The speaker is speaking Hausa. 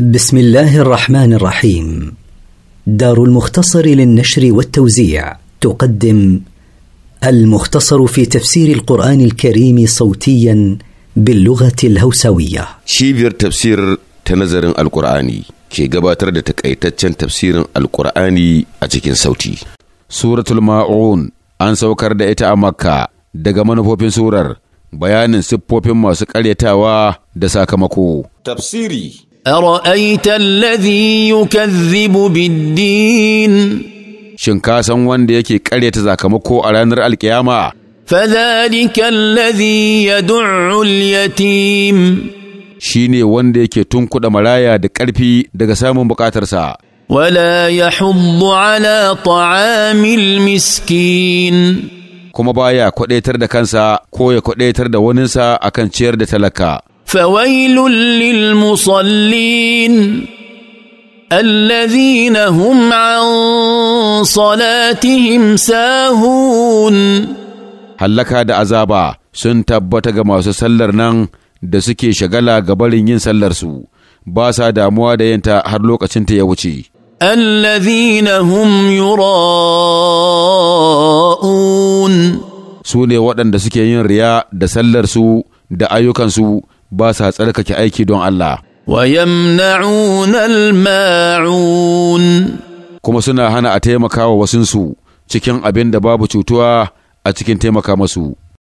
بسم الله الرحمن الرحيم دار المختصر للنشر والتوزيع تقدم المختصر في تفسير القرآن الكريم صوتيا باللغة الهوسوية شيفير تفسير تنظر القرآني كي قباتر تكأيتتشن تفسير القرآني أتكين صوتي سورة الماعون أن سوكر دائتا مكة دقمان فوبين سورر بيان bayanin siffofin masu ƙaryatawa دساك مكو تفسيري A أرأيت الذي يكذب biddin. shin ka san wanda yake ƙaryata sakamako a ranar alkiyama فذلك الذي يدع اليتيم shine wanda yake tunkuɗa maraya da ƙarfi daga samun buƙatarsa Wala ya hubbu على طعام miskin. kuma baya kwaɗaitar da kansa ko ya kwaɗaitar da waninsa akan ciyar da talaka فويل للمصلين الذين هم عن صلاتهم ساهون hallaka da azaba sun tabbata ga masu sallar nan da suke shagala ga barin yin sallarsu ba sa damuwa da yanta har ta ya wuce. Allazina hum yura'un su ne waɗanda suke yin riya da sallarsu da ayyukansu ba sa tsarkake aiki don Allah. ويمنعون الماعون kuma suna hana a taimaka wa wasunsu cikin abin da babu cutuwa a cikin taimaka masu.